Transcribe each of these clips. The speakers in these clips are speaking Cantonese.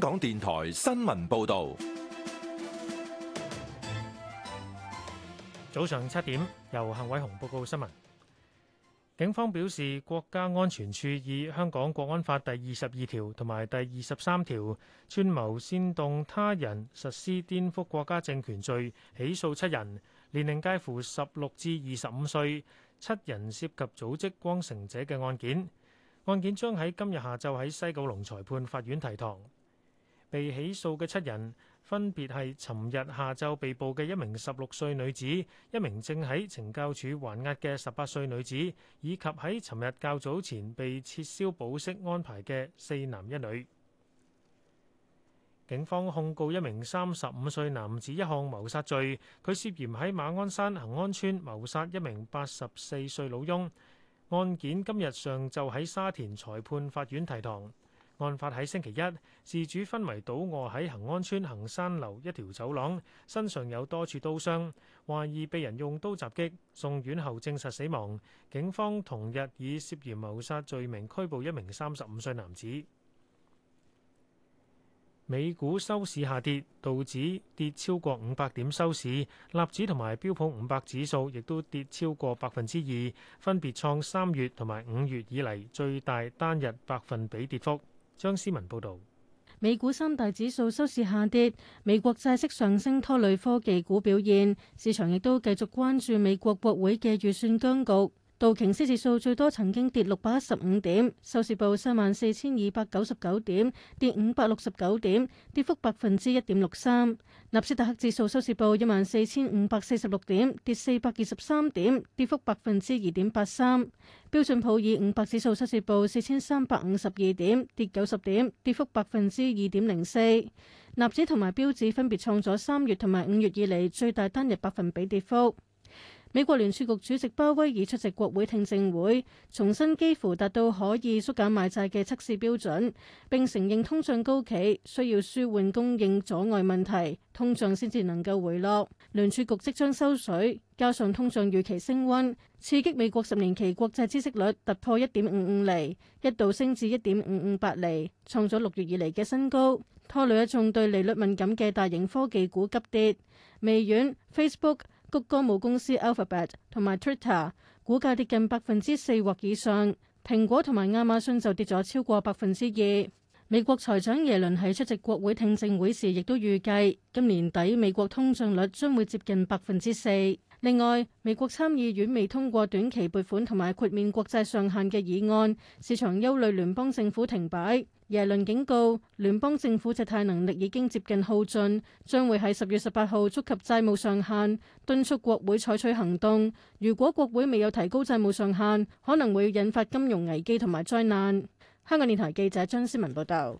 港電台新聞報道，早上七點由幸偉雄報告新聞。警方表示，國家安全處以《香港國安法》第二十二條同埋第二十三條串謀煽動他人實施顛覆國家政權罪起訴七人，年齡介乎十六至二十五歲，七人涉及組織光成者嘅案件。案件將喺今日下晝喺西九龍裁判法院提堂。被起訴嘅七人分別係尋日下晝被捕嘅一名十六歲女子、一名正喺懲教署還押嘅十八歲女子，以及喺尋日較早前被撤銷保釋安排嘅四男一女。警方控告一名三十五歲男子一項謀殺罪，佢涉嫌喺馬鞍山恆安邨謀殺一名八十四歲老翁。案件今日上晝喺沙田裁判法院提堂。案發喺星期一，事主昏迷倒卧喺恆安邨恆山樓一條走廊，身上有多處刀傷，懷疑被人用刀襲擊，送院後證實死亡。警方同日以涉嫌謀殺罪名拘捕一名三十五歲男子。美股收市下跌，道指跌超過五百點收市，納指同埋標普五百指數亦都跌超過百分之二，分別創三月同埋五月以嚟最大單日百分比跌幅。張思文報道：美股三大指數收市下跌，美國債息上升拖累科技股表現，市場亦都繼續關注美國國會嘅預算僵局。道瓊斯指數最多曾經跌六百一十五點，收市報三萬四千二百九十九點，跌五百六十九點，跌幅百分之一點六三。納斯達克指數收市報一萬四千五百四十六點，跌四百二十三點，跌幅百分之二點八三。標準普爾五百指數收市報四千三百五十二點，跌九十點，跌幅百分之二點零四。納指同埋標指分別創咗三月同埋五月以嚟，最大單日百分比跌幅。美國聯儲局主席鮑威爾出席國會聽證會，重申幾乎達到可以縮減買債嘅測試標準，並承認通脹高企，需要舒緩供應阻礙問題，通脹先至能夠回落。聯儲局即將收水，加上通脹預期升溫，刺激美國十年期國債孳息率突破一點五五厘，一度升至一點五五八厘，創咗六月以嚟嘅新高，拖累一眾對利率敏感嘅大型科技股急跌，微軟、Facebook。谷歌母公司 Alphabet 同埋 Twitter 股價跌近百分之四或以上，蘋果同埋亞馬遜就跌咗超過百分之二。美國財長耶倫喺出席國會聽證會時，亦都預計今年底美國通脹率將會接近百分之四。另外，美國參議院未通過短期撥款同埋豁免國債上限嘅議案，市場憂慮聯邦政府停擺。耶倫警告，聯邦政府借貸能力已經接近耗盡，將會喺十月十八號觸及債務上限，敦促國會採取行動。如果國會未有提高債務上限，可能會引發金融危機同埋災難。香港電台記者張思文報道。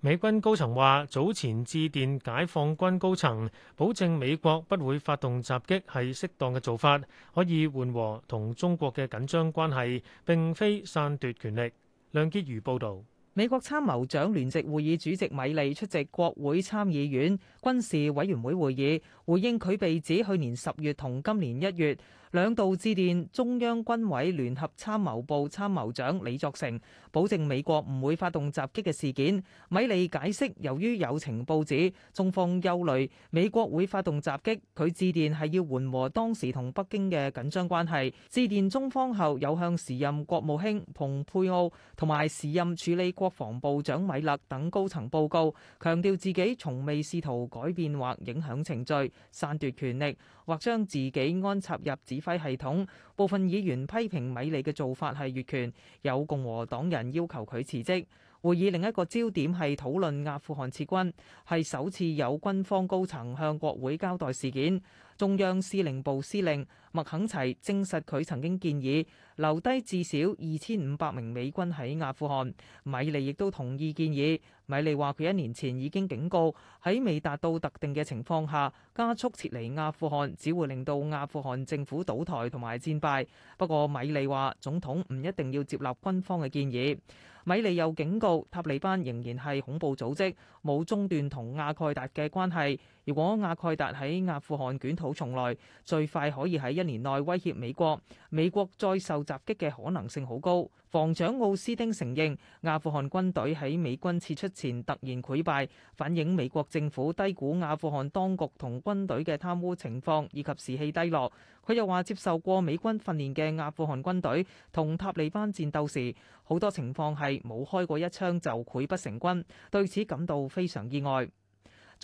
美軍高層話，早前致電解放軍高層，保證美國不會發動襲擊，係適當嘅做法，可以緩和同中國嘅緊張關係，並非散奪權力。梁潔如報道。美國參謀長聯席會議主席米利出席國會參議院軍事委員會會議，回應佢被指去年十月同今年一月，兩度致電中央軍委聯合參謀部參謀長李作成，保證美國唔會發動襲擊嘅事件。米利解釋，由於有情報指中方憂慮，美國會發動襲擊。佢致電係要緩和當時同北京嘅緊張關係。致電中方後，有向時任國務卿蓬佩奧同埋時任處理國防部長米勒等高層報告，強調自己從未試圖改變或影響程序、剝奪權力或將自己安插入指費系統，部分議員批評米利嘅做法係越權，有共和黨人要求佢辭職。會議另一個焦點係討論阿富汗撤軍，係首次有軍方高層向國會交代事件。中央司令部司令麥肯齊證實佢曾經建議留低至少二千五百名美軍喺阿富汗。米利亦都同意建議。米利話佢一年前已經警告，喺未達到特定嘅情況下加速撤離阿富汗，只會令到阿富汗政府倒台同埋戰敗。不過米利話總統唔一定要接納軍方嘅建議。米利又警告，塔利班仍然係恐怖組織，冇中斷同阿蓋達嘅關係。如果阿蓋達喺阿富汗捲土重來，最快可以喺一年內威脅美國，美國再受襲擊嘅可能性好高。防長奧斯汀承認阿富汗軍隊喺美軍撤出前突然潰敗，反映美國政府低估阿富汗當局同軍隊嘅貪污情況以及士氣低落。佢又話接受過美軍訓練嘅阿富汗軍隊同塔利班戰鬥時好多情況係冇開過一槍就潰不成軍，對此感到非常意外。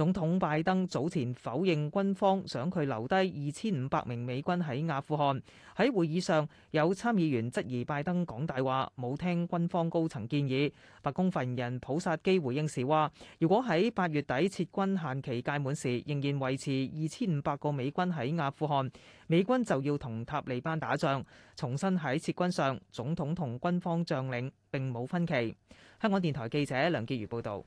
總統拜登早前否認軍方想佢留低二千五百名美軍喺阿富汗。喺會議上，有參議員質疑拜登講大話，冇聽軍方高層建議。白宮發言人普薩基回應時話，如果喺八月底撤軍限期屆滿時，仍然維持二千五百個美軍喺阿富汗，美軍就要同塔利班打仗。重新喺撤軍上，總統同軍方將領並冇分歧。香港電台記者梁潔如報道。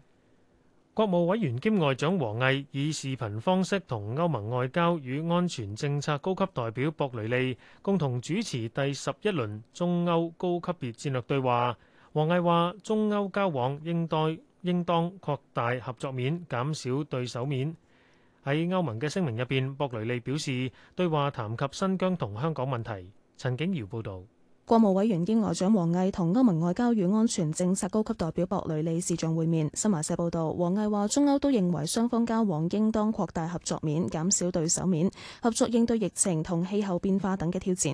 國務委員兼外長王毅以視頻方式同歐盟外交與安全政策高級代表博雷利共同主持第十一輪中歐高級別戰略對話。王毅話：中歐交往應該應當擴大合作面，減少對手面。喺歐盟嘅聲明入邊，博雷利表示對話談及新疆同香港問題。陳景堯報道。國務委員兼外長王毅同歐盟外交與安全政策高級代表博雷利視像會面。新華社報道，王毅話，中歐都認為雙方交往應當擴大合作面，減少對手面，合作應對疫情同氣候變化等嘅挑戰。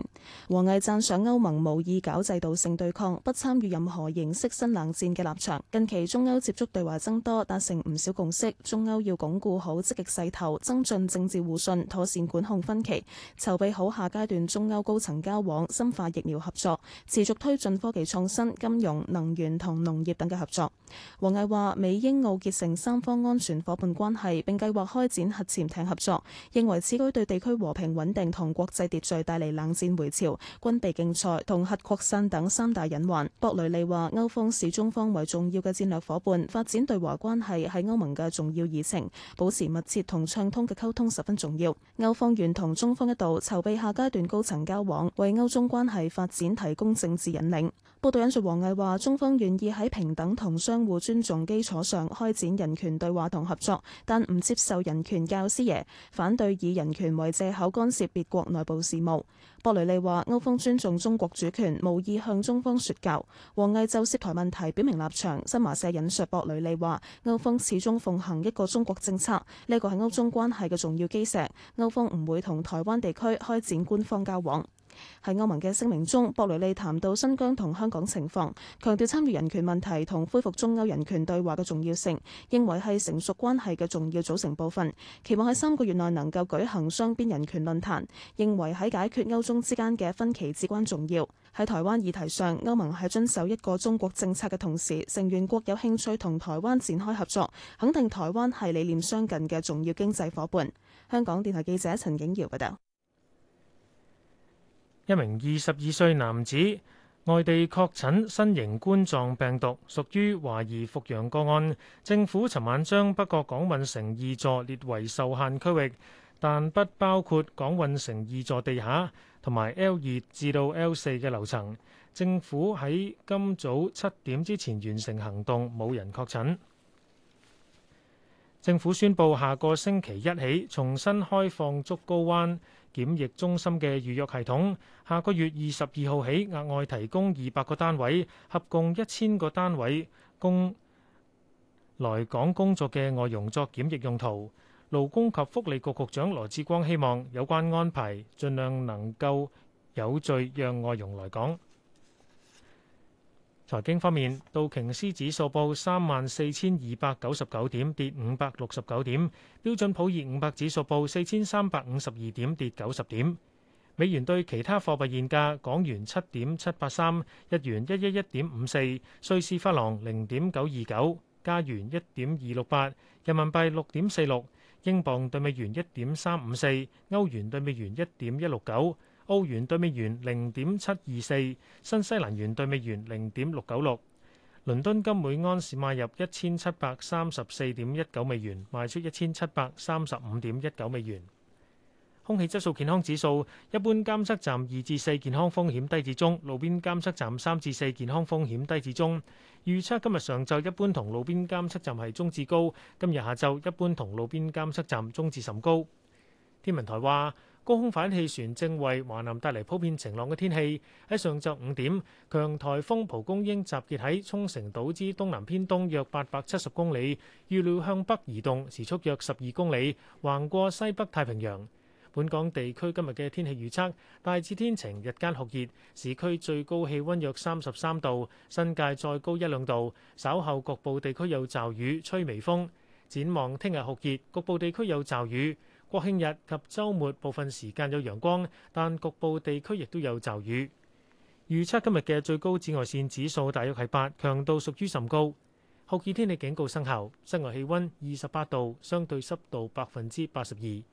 王毅讚賞歐盟無意搞制度性對抗，不參與任何形式新冷戰嘅立場。近期中歐接觸對話增多，達成唔少共識。中歐要鞏固好積極勢頭，增進政治互信，妥善管控分歧，籌備好下階段中歐高層交往，深化疫苗合。持續推進科技創新、金融、能源同農業等嘅合作。王毅話：美英澳結成三方安全伙伴關係，並計劃開展核潛艇合作。認為此舉對地區和平穩定同國際秩序帶嚟冷戰回潮、軍備競賽同核擴散等三大隱患。博雷利話：歐方視中方為重要嘅戰略伙伴，發展對華關係係歐盟嘅重要議程，保持密切同暢通嘅溝通十分重要。歐方願同中方一道籌備下階段高層交往，為歐中關係發展提供政治引領。報道引述王毅話，中方願意喺平等同相互尊重基礎上開展人權對話同合作，但唔接受人權教師爺，反對以人權為借口干涉別國內部事務。博雷利話，歐方尊重中國主權，無意向中方說教。王毅就涉台問題表明立場，新華社引述博雷利話，歐方始終奉行一個中國政策，呢個係歐中關係嘅重要基石。歐方唔會同台灣地區開展官方交往。喺歐盟嘅聲明中，博雷利談到新疆同香港情況，強調參與人權問題同恢復中歐人權對話嘅重要性，認為係成熟關係嘅重要組成部分，期望喺三個月內能夠舉行雙邊人權論壇，認為喺解決歐中之間嘅分歧至關重要。喺台灣議題上，歐盟喺遵守一個中國政策嘅同時，成員國有興趣同台灣展開合作，肯定台灣係理念相近嘅重要經濟夥伴。香港電台記者陳景堯報道。一名二十二歲男子，外地確診新型冠狀病毒，屬於懷疑復陽個案。政府尋晚將北角港運城二座列為受限區域，但不包括港運城二座地下同埋 L 二至到 L 四嘅樓層。政府喺今早七點之前完成行動，冇人確診。政府宣布，下個星期一起重新開放竹篙灣檢疫中心嘅預約系統。下個月二十二號起，額外提供二百個單位，合共一千個單位供來港工作嘅外傭作檢疫用途。勞工及福利局局長羅致光希望有關安排盡量能夠有序讓外傭來港。財經方面，道瓊斯指數報三萬四千二百九十九點，跌五百六十九點；標準普爾五百指數報四千三百五十二點，跌九十點。美元對其他貨幣現價：港元七點七八三，日元一一一點五四，瑞士法郎零點九二九，加元一點二六八，人民幣六點四六，英鎊對美元一點三五四，歐元對美元一點一六九。歐元兌美元零點七二四，新西蘭元兌美元零點六九六。倫敦金每安士賣入一千七百三十四點一九美元，賣出一千七百三十五點一九美元。空氣質素健康指數，一般監測站二至四健康風險低至中，路邊監測站三至四健康風險低至中。預測今日上晝一般同路邊監測站係中至高，今日下晝一般同路邊監測站中至甚高。天文台話。高空反氣旋正為華南帶嚟普遍晴朗嘅天氣。喺上晝五點，強颱風蒲公英集結喺沖繩島之東南偏東約八百七十公里，預料向北移動，時速約十二公里，橫過西北太平洋。本港地區今日嘅天氣預測：大致天晴，日間酷熱，市區最高氣温約三十三度，新界再高一兩度。稍後局部地區有驟雨，吹微風。展望聽日酷熱，局部地區有驟雨。國慶日及周末部分時間有陽光，但局部地區亦都有驟雨。預測今日嘅最高紫外綫指數大約係八，強度屬於甚高。酷熱天氣警告生效，室外氣溫二十八度，相對濕度百分之八十二。